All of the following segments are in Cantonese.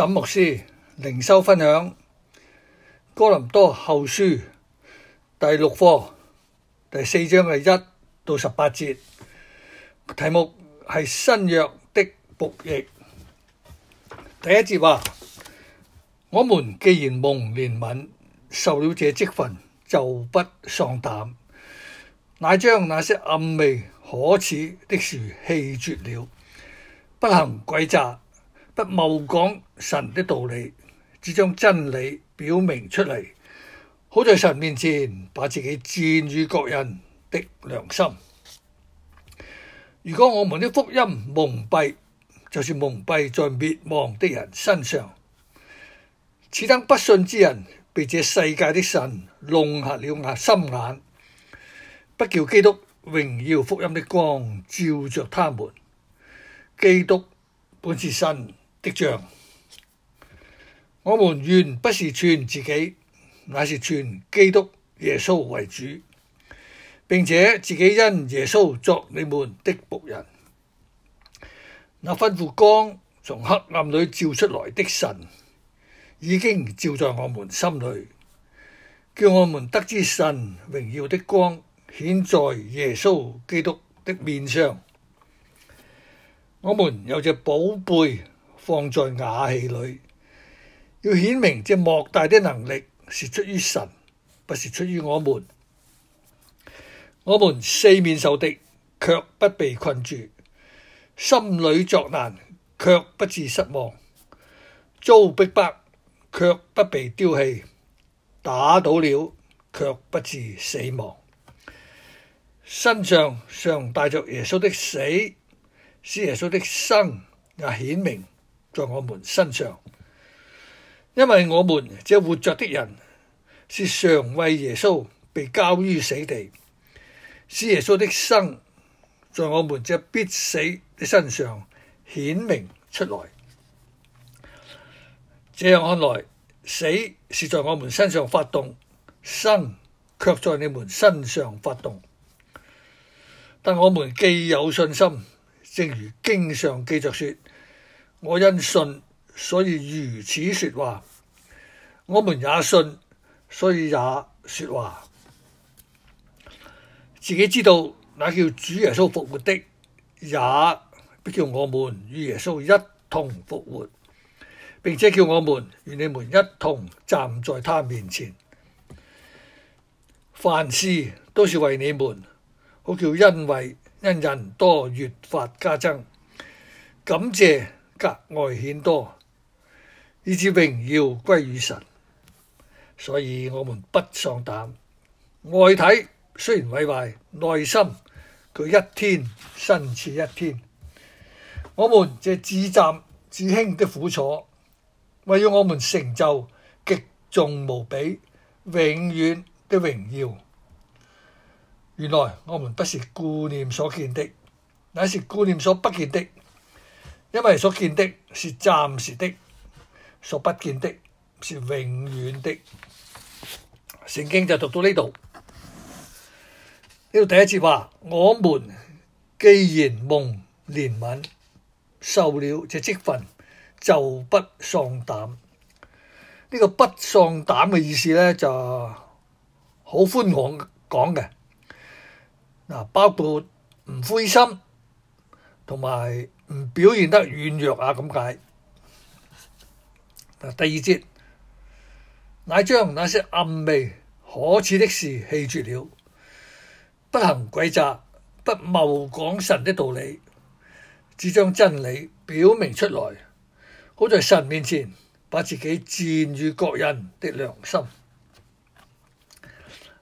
沈牧師靈修分享《哥林多後書》第六課第四章嘅一到十八節，題目係新約的僕役。第一節話：我們既然蒙憐憫，受了這職分，就不喪膽，乃將那些暗昧可恥的事棄絕了，不行詭詐。不謬講神的道理，只將真理表明出嚟，好在神面前把自己薦與各人的良心。如果我們的福音蒙蔽，就是蒙蔽在滅亡的人身上。此等不信之人，被這世界的神弄瞎了眼心眼，不叫基督榮耀福音的光照着他們。基督本是神。的像，我們原不是傳自己，乃是傳基督耶穌為主，並且自己因耶穌作你們的僕人。那吩咐光從黑暗裏照出來的神，已經照在我們心裏，叫我們得知神榮耀的光顯在耶穌基督的面上。我們有隻寶貝。放在瓦器裏，要顯明這莫大的能力是出於神，不是出於我們。我們四面受敵，卻不被困住；心裏作難，卻不致失望；遭逼迫，卻不被丟棄；打倒了，卻不致死亡。身上常帶着耶穌的死，使耶穌的生也顯明。在我們身上，因為我們這活着的人是常為耶穌被交於死地，使耶穌的生在我們這必死的身上顯明出來。這樣看來，死是在我們身上發動，生卻在你們身上發動。但我們既有信心，正如經上記着說。我因信，所以如此説話。我們也信，所以也説話。自己知道那叫主耶穌復活的，也必叫我們與耶穌一同復活。並且叫我們與你們一同站在他面前。凡事都是為你們，好叫恩惠因人多，越發加增感謝。格外顯多，以致榮耀歸於神。所以，我們不喪膽。外體雖然毀壞，內心佢一天新似一天。我們這至暫至輕的苦楚，為了我們成就極重無比、永遠的榮耀。原來我們不是顧念所見的，乃是顧念所不見的。因為所見的是暫時的，所不見的是永遠的。聖經就讀到呢度，呢度第一節話，我們既然蒙憐憫，受了這職分、這個，就不喪膽。呢個不喪膽嘅意思咧，就好寬廣講嘅，嗱，包括唔灰心，同埋，唔表現得軟弱啊！咁解。第二節，乃將那些暗昧可恥的事棄絕了，不行詭詐，不謬講神的道理，只將真理表明出來，好在神面前把自己薦與各人的良心。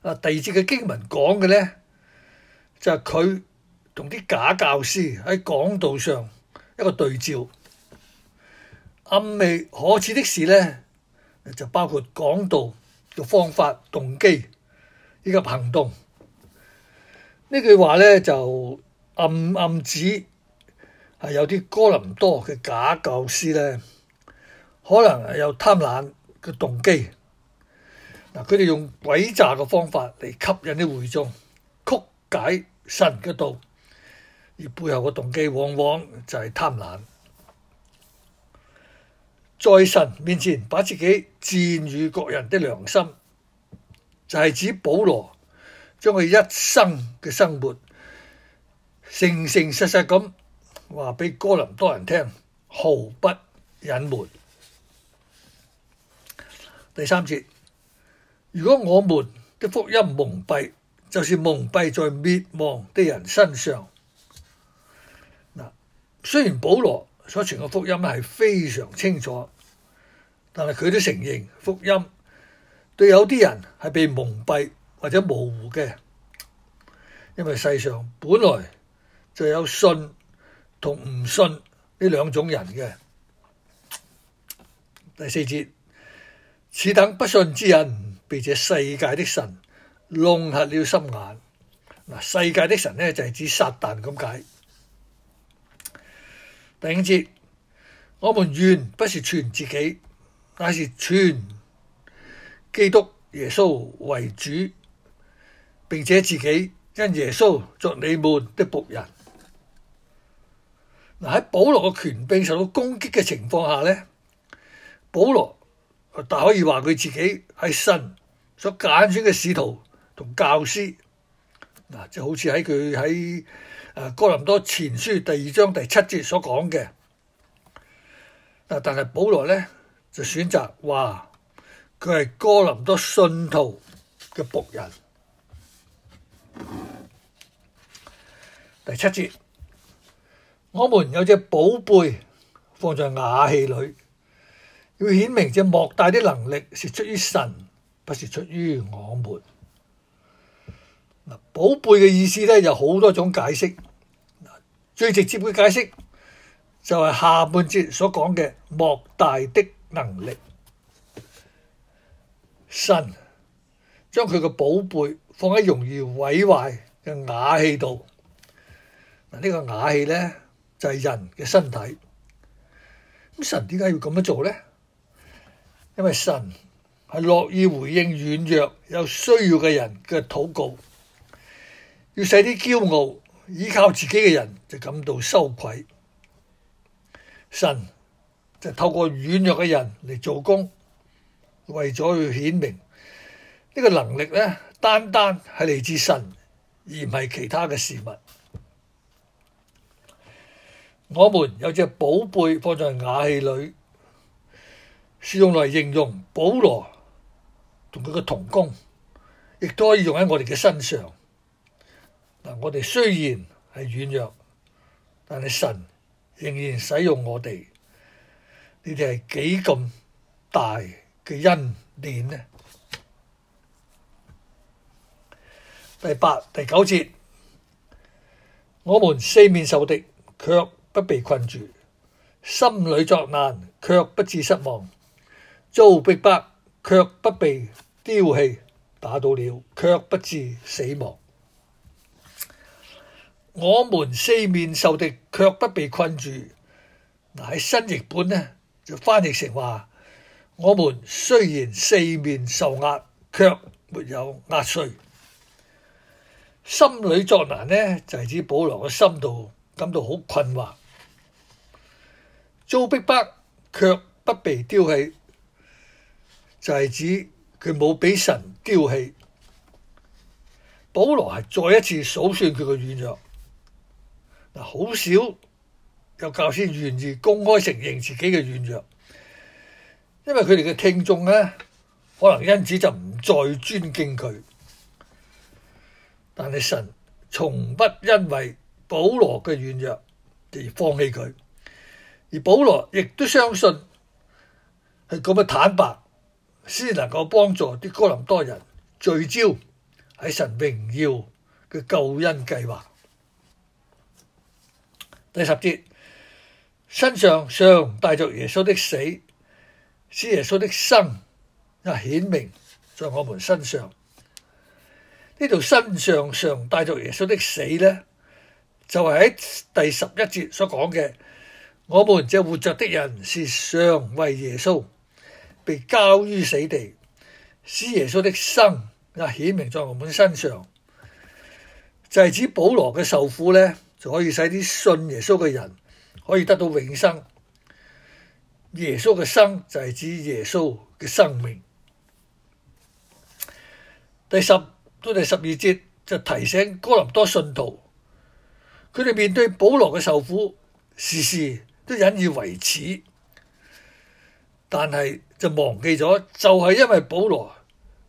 啊，第二節嘅經文講嘅呢，就係佢同啲假教師喺講道上。一個對照，暗昧可恥的事呢，就包括講道嘅方法、動機以及行動。呢句話呢，就暗暗指係有啲哥林多嘅假教師呢，可能係有貪婪嘅動機。嗱，佢哋用詭詐嘅方法嚟吸引啲會眾，曲解神嘅道。而背後嘅動機往往就係貪婪，在神面前把自己薦與各人的良心，就係指保羅將佢一生嘅生活誠誠實實咁話俾哥林多人聽，毫不隱瞞。第三節，如果我們嘅福音蒙蔽，就是蒙蔽在滅亡嘅人身上。雖然保羅所傳嘅福音係非常清楚，但係佢都承認福音對有啲人係被蒙蔽或者模糊嘅，因為世上本來就有信同唔信呢兩種人嘅。第四節，此等不信之人被這世界的神弄瞎了心眼。嗱，世界的神呢，就係指撒旦咁解。第五節，我們原不是傳自己，乃是傳基督耶穌為主，並且自己因耶穌作你們的僕人。嗱、啊、喺保羅嘅權柄受到攻擊嘅情況下咧，保羅大可以話佢自己係神所揀選嘅使徒同教師。嗱、啊，就好似喺佢喺。誒哥林多前書第二章第七節所講嘅，但係保羅呢就選擇話佢係哥林多信徒嘅僕人。第七節，我們有隻寶貝放在瓦器裏，要顯明這莫大的能力是出於神，不是出於我們。嗱，寶貝嘅意思咧有好多種解釋。最直接嘅解釋就係、是、下半節所講嘅莫大的能力，神將佢嘅寶貝放喺容易毀壞嘅瓦器度。嗱、這個，呢個瓦器咧就係、是、人嘅身體。咁神點解要咁樣做咧？因為神係樂意回應軟弱有需要嘅人嘅禱告，要使啲驕傲。依靠自己嘅人就感到羞愧，神就透過軟弱嘅人嚟做工，為咗要顯明呢個能力咧，單單係嚟自神，而唔係其他嘅事物。我們有隻寶貝放在瓦器裏，是用來形容保羅同佢嘅同工，亦都可以用喺我哋嘅身上。我哋雖然係軟弱，但係神仍然使用我哋。你哋係幾咁大嘅恩典呢？第八、第九節，我們四面受敵，卻不被困住；心裏作難，卻不致失望；遭逼迫，卻不被丟棄；打倒了，卻不致死亡。我們四面受敵，卻不被困住。嗱喺新譯本呢，就翻譯成話：我們雖然四面受壓，卻沒有壓碎。心裏作難呢，就係指保羅嘅心度感到好困惑。遭逼迫卻不被丟棄，就係指佢冇俾神丟棄。保羅係再一次數算佢嘅軟弱。嗱，好少有教師願意公開承認自己嘅軟弱，因為佢哋嘅聽眾咧，可能因此就唔再尊敬佢。但係神從不因為保羅嘅軟弱而放棄佢，而保羅亦都相信係咁嘅坦白，先能夠幫助啲哥林多人聚焦喺神榮耀嘅救恩計劃。第十節身上上帶着耶穌的死，使耶穌的生，那顯明在我們身上。呢度身上上帶着耶穌的死呢，就係、是、喺第十一節所講嘅，我們這活着的人是上為耶穌被交於死地，使耶穌的生，那顯明在我們身上，就係、是、指保羅嘅受苦呢。就可以使啲信耶穌嘅人可以得到永生。耶穌嘅生就係指耶穌嘅生命。第十到第十二節就提醒哥林多信徒，佢哋面對保羅嘅受苦，時時都引以為恥，但係就忘記咗，就係因為保羅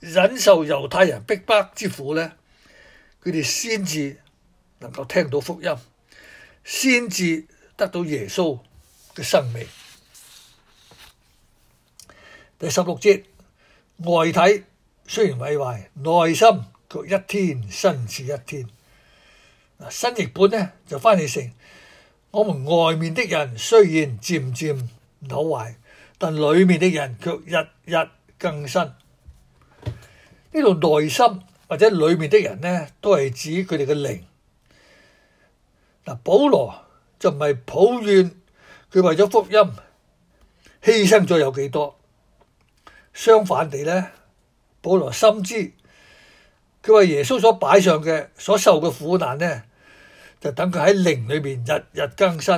忍受猶太人逼迫之苦呢，佢哋先至。能夠聽到福音，先至得到耶穌嘅生命。第十六節：外體雖然毀壞，內心卻一天新似一天。嗱，新譯本咧就翻譯成：我們外面的人雖然漸漸朽壞，但裡面的人卻日日更新。呢度內心或者裡面的人咧，都係指佢哋嘅靈。保羅就唔係抱怨佢為咗福音犧牲咗有幾多，相反地咧，保羅深知佢話耶穌所擺上嘅、所受嘅苦難呢，就等佢喺靈裏邊日日更新。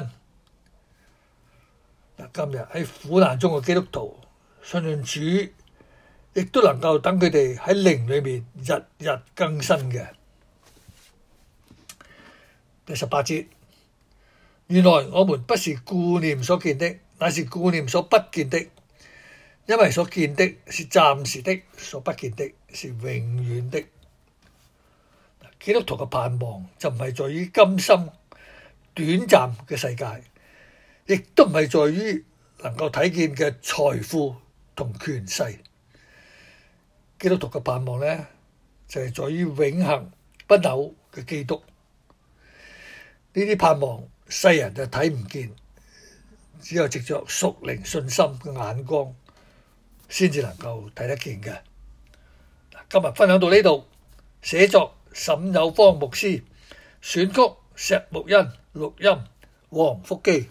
嗱，今日喺苦難中嘅基督徒，信主亦都能夠等佢哋喺靈裏邊日日更新嘅。第十八節，原來我們不是顧念所見的，乃是顧念所不見的，因為所見的是暫時的，所不見的是永遠的。基督徒嘅盼望就唔係在於今生短暫嘅世界，亦都唔係在於能夠睇見嘅財富同權勢。基督徒嘅盼望呢，就係在於永恆不朽嘅基督。呢啲盼望世人就睇唔見，只有藉着熟靈信心嘅眼光，先至能夠睇得見嘅。今日分享到呢度，寫作沈有芳牧師，選曲石木欣，錄音黃福基。